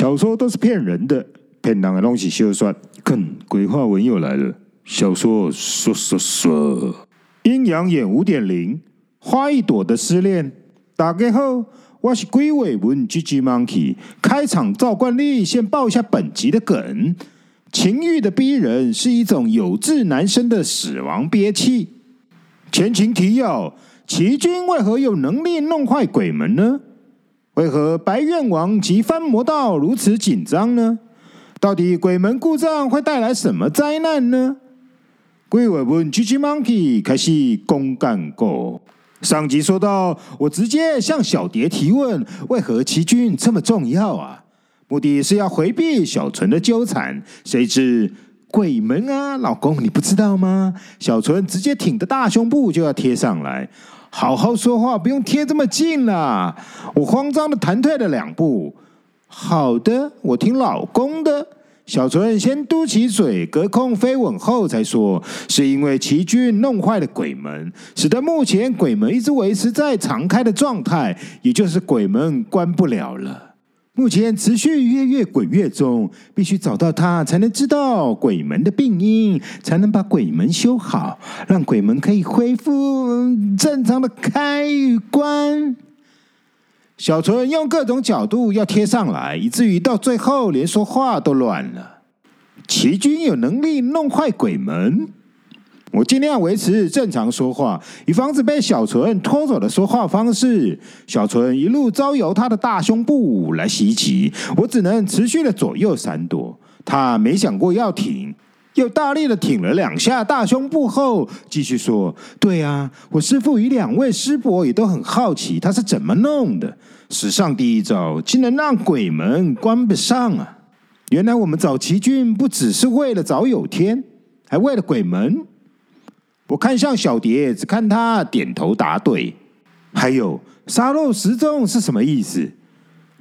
小說都是騙人的，騙人的東西休說。梗鬼話文又來了，小說說說說。陰陽眼五點零，花一朵的失戀。打開後，我是鬼話文 GGmonkey。開場照慣例，先爆一下本集的梗：情欲的逼人是一種有志男生的死亡憋氣。前情提要：奇軍為何有能力弄壞鬼門呢？為何白怨王及翻魔道如此緊張呢？到底鬼門故障會帶來什麼災難呢？鬼話文 GGmonkey 開始公幹過。上集說到，我直接向小蝶提問，為何奇駿這麼重要啊？目的是要回避小純的糾纏。誰知鬼門啊，老公你不知道嗎？小純直接挺着大胸部就要貼上來。好好說話，不用貼這麼近啦。我慌張的彈退了兩步。好的，我聽老公的。小純先嘟起嘴，隔空飛吻後才說：“是因為奇駿弄壞了鬼門，使得目前鬼門一直維持在常開的狀態，也就是鬼門關不了了。”目前持續越越鬼月中，必須找到他才能知道鬼門的病因，才能把鬼門修好，讓鬼門可以恢復正常的開關。小純用各種角度要貼上來，以至於到最後連說話都亂了。齊軍有能力弄壞鬼門。我盡量維持正常說話，以防止被小純拖走的說話方式。小純一路招搖他的大胸部來襲擊，我只能持續的左右閃躲。他沒想過要挺，又大力的挺了兩下大胸部後，繼續說：“對啊，我師父與兩位師伯也都很好奇，他是怎麼弄的？史上第一招，竟然讓鬼門關不上啊！原來我們找奇軍不只是為了找有天，還為了鬼門。”我看向小蝶，只看她點頭答對。還有，沙漏時鐘是什麼意思？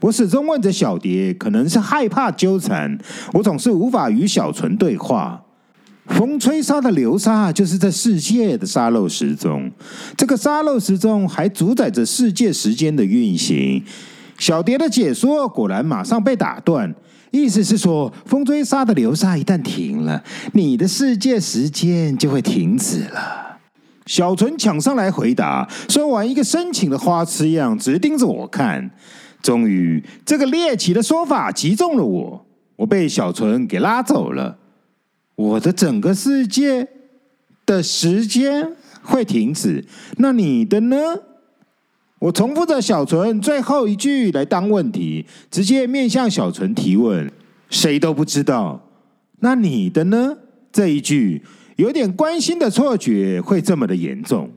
我始終問着小蝶，可能是害怕糾纏，我總是無法與小純對話。風吹沙的流沙就是這世界的沙漏時鐘，這個沙漏時鐘還主宰着世界時間的運行。小蝶的解說果然馬上被打斷。意思是說，風吹砂的流沙一旦停了，你的世界時間就會停止了。小純搶上來回答，說完一個深情的花痴樣，直盯着我看。終於，這個獵奇的說法擊中了我，我被小純給拉走了。我的整個世界的時間會停止，那你的呢？我重複着小純最後一句來當問題，直接面向小純提問。誰都不知道，那你的呢？這一句有點關心的錯覺會這麼的嚴重，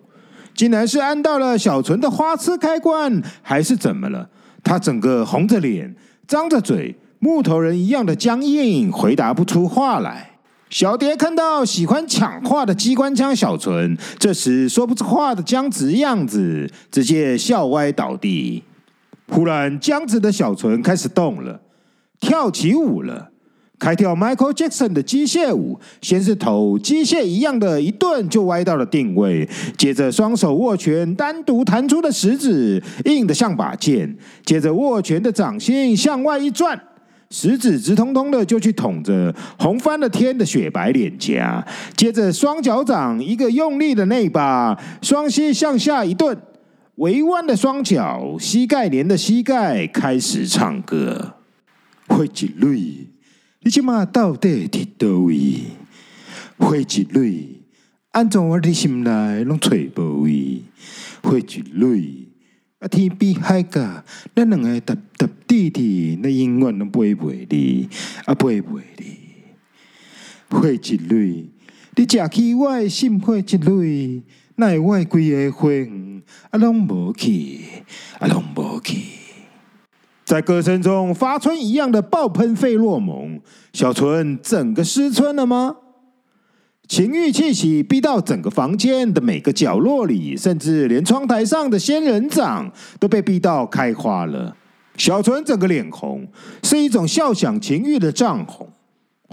竟然是按到了小純的花痴開關，還是怎麼了？他整個紅着臉，張着嘴，木頭人一樣的僵硬，回答不出話來。小蝶看到喜歡搶話的機關槍小純，這時說不出話的僵直樣子，直接笑歪倒地。忽然，僵直的小純開始動了，跳起舞了，開跳 Michael Jackson 的機械舞。先是頭機械一樣的一頓就歪到了定位，接着雙手握拳，單獨彈出的食指硬得像把劍，接着握拳的掌心向外一轉。食指直通通的就去捅着紅翻了天的雪白臉頰，接着雙腳掌一個用力的內把，雙膝向下一頓，微彎的雙腳膝蓋連着膝蓋開始唱歌。會幾累？你這馬到底佇多位？會幾累？按住我的心來攏吹波位？會幾累？啊，天邊海角，那兩個搭搭梯梯，那永遠攏不會離，啊陪陪你，不會離。花一朵，你食去我的心花一朵，奈我歸個花，啊，攏無去，啊，攏無去。在歌聲中，發春一樣的爆噴費洛蒙，小純整個失春了嗎？情慾氣息逼到整個房間的每個角落裡，甚至連窗台上的仙人掌都被逼到開花了。小純整個臉紅，是一種笑響情慾的漲紅；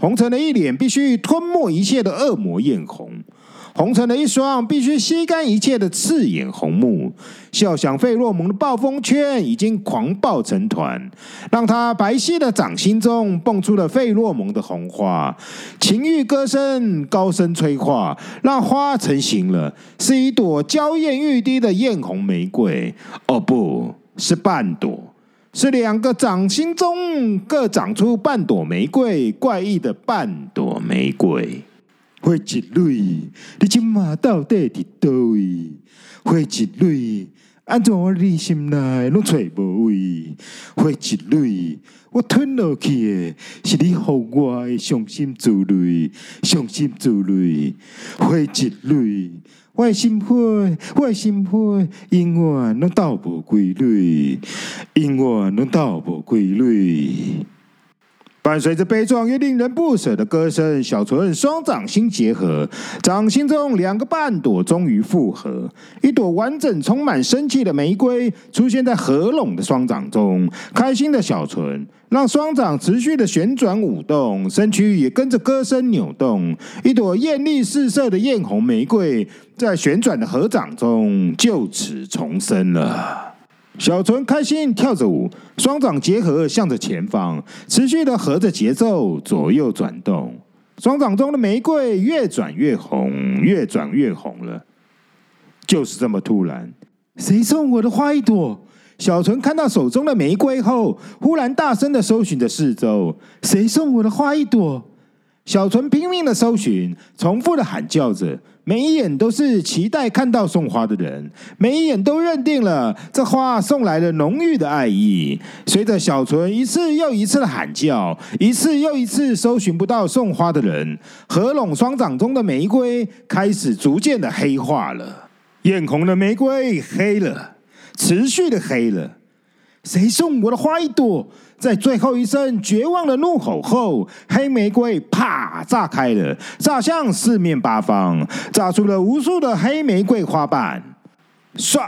紅成的一臉必須吞沒一切的惡魔艷紅。紅成了一雙必須吸乾一切的刺眼紅目，笑享費洛蒙的暴風圈已經狂暴成團，讓他白皙的掌心中蹦出了費洛蒙的紅花，情欲歌聲高聲催化，讓花成型了，是一朵嬌艷欲滴的艷紅玫瑰。哦不，不是半朵，是兩個掌心中各長出半朵玫瑰，怪異的半朵玫瑰。花一朵，你今嘛到底佇倒位？花一朵，安怎我佇心內攏揣無位？花一朵，我吞落去的是你予我的傷心之淚，傷心之淚。花一朵，我的心灰，我的心灰，因我攏到無規律，因我攏到無規律。伴隨着悲壯又令人不捨的歌聲，小純雙掌心結合，掌心中兩個半朵終於複合，一朵完整、充滿生氣的玫瑰出現在合攏的雙掌中。開心的小純讓雙掌持續的旋轉舞動，身軀也跟着歌聲扭動。一朵艷麗四射的艷紅玫瑰在旋轉的合掌中就此重生了。小純開心跳着舞，雙掌結合，向着前方，持續的合着節奏，左右轉動。雙掌中的玫瑰越轉越紅，越轉越紅了。就是這麼突然，誰送我的花一朵？小純看到手中的玫瑰後，忽然大聲的搜尋着四周：誰送我的花一朵？小純拼命的搜尋，重複的喊叫着，每一眼都是期待看到送花的人，每一眼都認定了這花送來了濃郁的愛意。隨着小純一次又一次的喊叫，一次又一次搜尋不到送花的人，合攏雙掌中的玫瑰開始逐漸的黑化了，豔紅的玫瑰黑了，持續的黑了。誰送我的花一朵？在最後一聲絕望的怒吼後，黑玫瑰啪炸開了，炸向四面八方，炸出了無數的黑玫瑰花瓣。唰！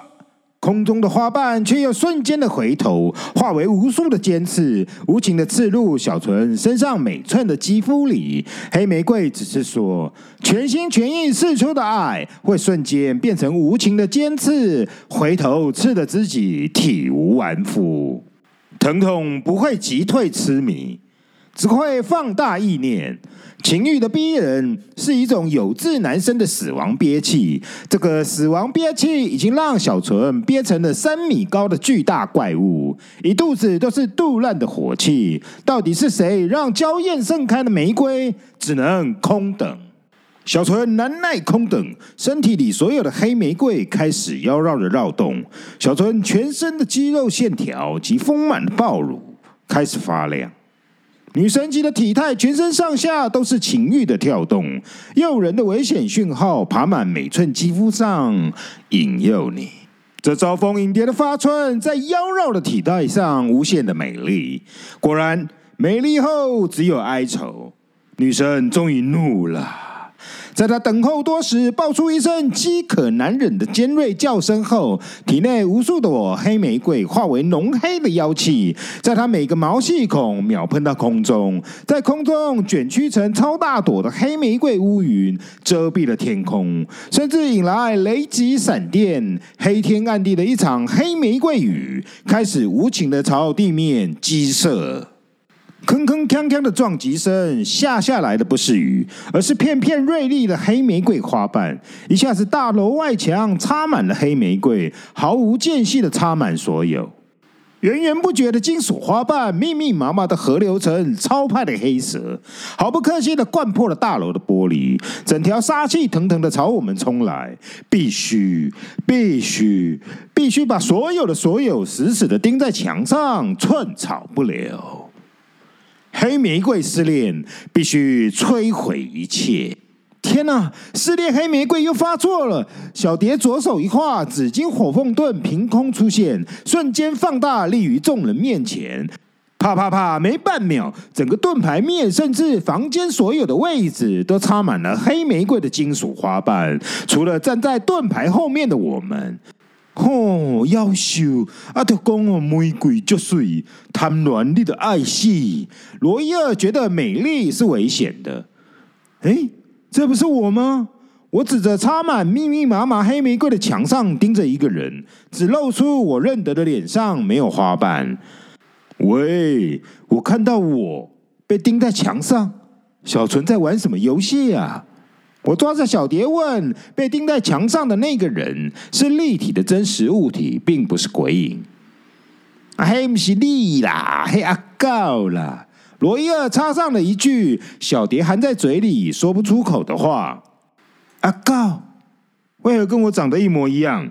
空中的花瓣卻又瞬間的回頭，化為無數的尖刺，無情的刺入小純身上每寸的肌膚裡。黑玫瑰只是說，全心全意付出的愛，會瞬間變成無情的尖刺，回頭刺得自己體無完膚。疼痛不會擊退癡迷。只會放大意念，情欲的逼人是一種有志難伸的死亡憋氣。這個死亡憋氣已經讓小純憋成了三米高的巨大怪物，一肚子都是肚爛的火氣。到底是誰讓嬌豔盛開的玫瑰只能空等？小純難耐空等，身體裡所有的黑玫瑰開始妖嬈的繞動，小純全身的肌肉線條及豐滿的爆乳開始發亮。女神級的體態，全身上下都是情慾的跳動，誘人的危險訊號爬滿每寸肌膚上，引誘你。這招蜂引蝶的發春，在妖嬈的體態上，無限的美麗。果然，美麗後只有哀愁。女神終於怒了。在他等候多時，爆出一聲飢渴難忍的尖銳叫聲後，體內無數朵黑玫瑰化為濃黑的妖氣，在他每個毛細孔秒噴到空中，在空中捲曲成超大朵的黑玫瑰烏雲，遮蔽了天空，甚至引來雷擊閃電，黑天暗地的一場黑玫瑰雨開始無情地朝地面擊射。鏗鏗鏘鏘的撞擊聲，下下來的不是雨，而是片片銳利的黑玫瑰花瓣。一下子，大樓外牆插滿了黑玫瑰，毫無間隙的插滿所有。源源不絕的金屬花瓣，密密麻麻的合流成超派的黑蛇，毫不客氣的灌破了大樓的玻璃，整條殺氣騰騰的朝我們衝來。必須，必須，必須把所有的所有死死的釘在牆上，寸草不留。黑玫瑰失戀，必須摧毀一切！天哪、啊，失戀黑玫瑰又發作了！小蝶左手一劃，紫金火鳳盾憑空出現，瞬間放大立於眾人面前。啪啪啪！沒半秒，整個盾牌面甚至房間所有的位置都插滿了黑玫瑰的金屬花瓣，除了站在盾牌後面的我們。哦，夭壽阿要講哦，啊、就玫瑰最水，貪戀你的愛戲。羅伊爾覺得美麗是危險的。哎、欸，這不是我嗎？我指着插滿密密麻麻黑玫瑰的牆上盯着一個人，只露出我認得的臉上，沒有花瓣。喂，我看到我被釘在牆上。小純在玩什麼遊戲呀？我抓着小蝶問：“被釘在牆上的那個人是立體的真實物體，並不是鬼影。啊”“阿黑唔係你啦，嘿阿告啦。”羅伊爾插上了一句，小蝶含在嘴裡說不出口的話。“阿告，為何跟我長得一模一樣？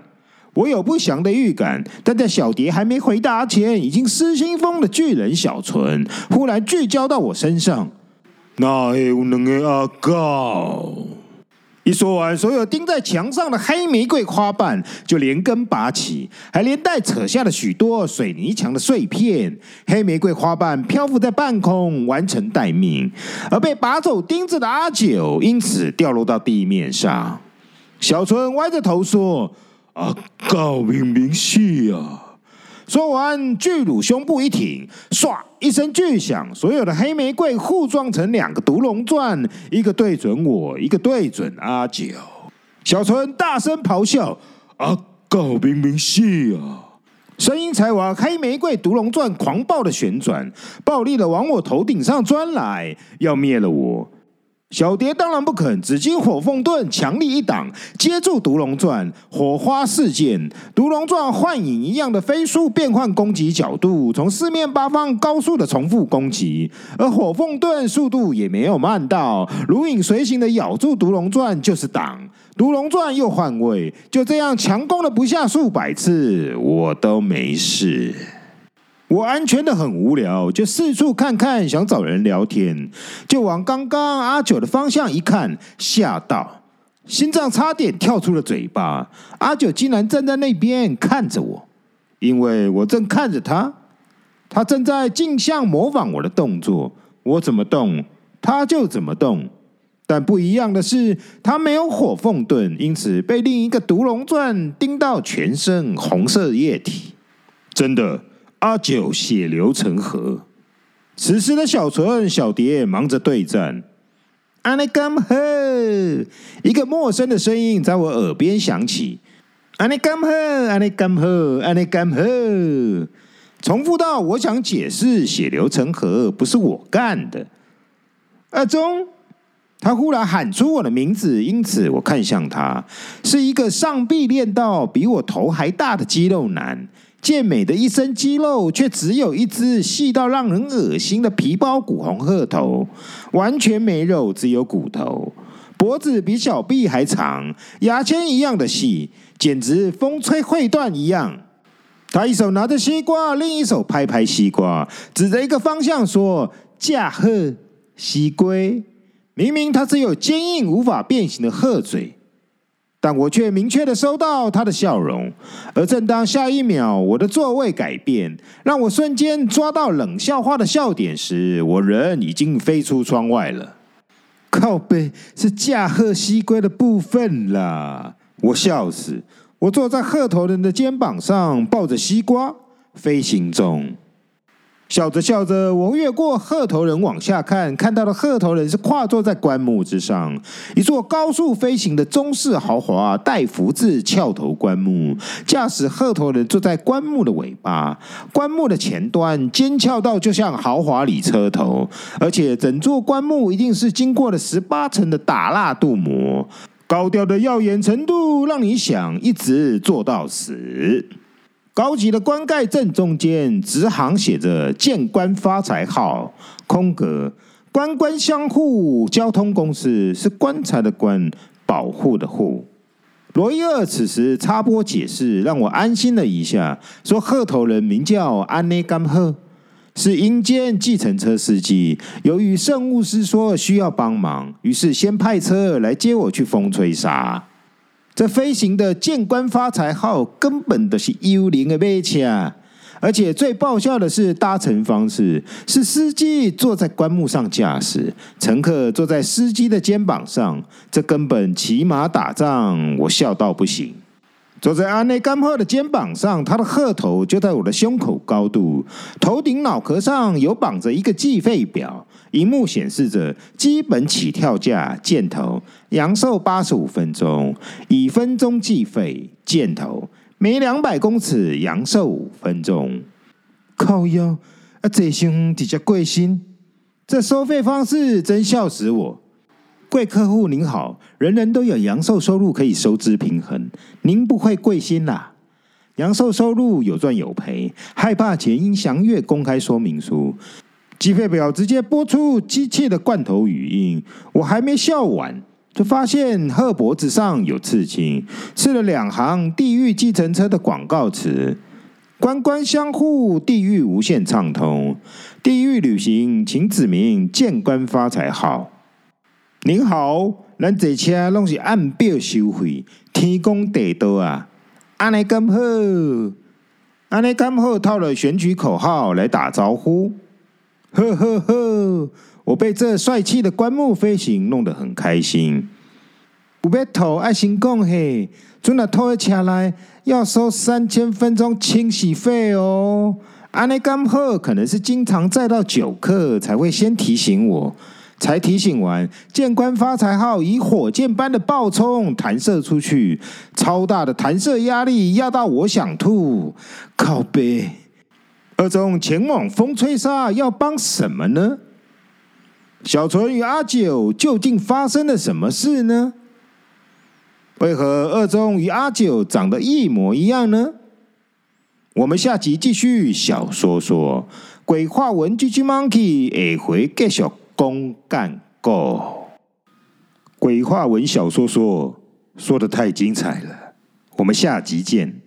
我有不祥的預感。”但在小蝶還沒回答前，已經失心瘋的巨人小純忽然聚焦到我身上。“那有兩個阿告。”一說完，所有釘在牆上的黑玫瑰花瓣就連根拔起，還連帶扯下了許多水泥牆的碎片。黑玫瑰花瓣漂浮在半空，完成待命，而被拔走釘子的阿九因此掉落到地面上。小純歪着頭說：“啊，告明明是呀、啊。”說完，巨乳胸部一挺，唰一聲巨響，所有的黑玫瑰互撞成兩個毒龍鑽，一個對準我，一個對準阿九。小純大聲咆哮：“阿狗明明是啊！”聲音才完，黑玫瑰毒龍鑽狂暴的旋轉，暴力的往我頭頂上鑽來，要滅了我。小蝶當然不肯，只經火鳳盾強力一擋，接住獨龍鑽，火花四濺。獨龍鑽幻影一樣的飛速變換攻擊角度，從四面八方高速的重複攻擊，而火鳳盾速度也沒有慢到，如影隨形的咬住獨龍鑽就是擋。獨龍鑽又換位，就這樣強攻了不下數百次，我都沒事。我安全的很無聊，就四處看看，想找人聊天，就往剛剛阿九的方向一看，嚇到，心臟差點跳出了嘴巴。阿九竟然站在那邊看着我，因為我正看着他，他正在鏡像模仿我的動作，我怎麼動，他就怎麼動。但不一樣的是，他沒有火鳳盾，因此被另一個毒龍鑽叮到全身紅色液體。真的。阿九血流成河，此時的小純、小蝶忙着對戰。Annie come here！一個陌生的聲音在我耳邊響起。Annie come here！Annie come here！Annie come here！重複到我想解釋，血流成河不是我幹的。二中，他忽然喊出我的名字，因此我看向他，是一個上臂練到比我頭還大的肌肉男。健美的一身肌肉，卻只有一隻細到讓人惡心的皮包骨紅鶴頭，完全沒肉，只有骨頭，脖子比小臂還長，牙籤一樣的細，簡直風吹會斷一樣。他一手拿着西瓜，另一手拍拍西瓜，指着一個方向說：“駕鶴西歸。”明明他只有堅硬無法變形的鶴嘴。但我卻明確地收到他的笑容，而正當下一秒我的座位改變，讓我瞬間抓到冷笑話的笑點時，我人已經飛出窗外了。靠北是駕鶴西歸的部分啦，我笑死，我坐在鶴頭人的肩膀上，抱着西瓜飛行中。笑着笑着，我越過鶴頭人往下看，看到了鶴頭人是跨坐在棺木之上，一座高速飛行的中式豪華帶福字翹頭棺木，駕駛鶴頭人坐在棺木的尾巴，棺木的前端尖翹到就像豪華禮車頭，而且整座棺木一定是經過了十八層的打蠟鍍膜，高調的耀眼程度讓你想一直坐到死。高級的棺蓋正中間，直行寫着“見棺發財號”。空格，官官相護，交通公司是棺材的棺，保護的護。羅伊爾此時插播解釋，讓我安心了一下，說：“鶴頭人名叫安內甘鶴，是陰間計程車司機。由於聖巫師說需要幫忙，於是先派車來接我去風吹沙。”這飛行的“見官發財號”根本都是幽靈的飛機啊！而且最爆笑的是搭乘方式，是司機坐在棺木上駕駛，乘客坐在司機的肩膀上，這根本騎馬打仗，我笑到不行。坐在阿內甘赫的肩膀上，他的鶴頭就在我的胸口高度，頭頂腦殼上有綁着一個計費表，螢幕顯示着基本起跳價，箭頭，陽壽八十五分鐘，以分鐘計費，箭頭，每兩百公尺陽壽五分鐘，靠腰，啊，胸這胸底價貴心，這收費方式真笑死我。貴客戶您好，人人都有陽壽收入，可以收支平衡，您不會貴心啦、啊。陽壽收入有賺有賠，害怕前應詳閱公開說明書。計費表直接播出機器的罐頭語音，我還沒笑完，就發現鶴脖子上有刺青，刺了兩行地獄計程車的廣告詞：官官相護，地獄無限暢通，地獄旅行，請指名見官發財號。您好，咱坐車攏是按表收費，天公地道啊！阿內甘赫，阿內甘赫套了選舉口號來打招呼，呵呵呵，我被這帥氣的棺木飛行弄得很開心。有要吐愛先講嘿，真若吐去車內，要收三千分鐘清洗費哦！阿內甘赫可能是經常載到酒客，才會先提醒我。才提醒完，見官發財號以火箭般的爆衝彈射出去，超大的彈射壓力壓到我想吐。靠背，二中前往風吹砂要幫什麼呢？小純與阿九究竟發生了什麼事呢？為何二中與阿九長得一模一樣呢？我們下集繼續小說說鬼話文，GG monkey 下回繼續。公干過，鬼話文小說說說得太精彩了，我們下集見。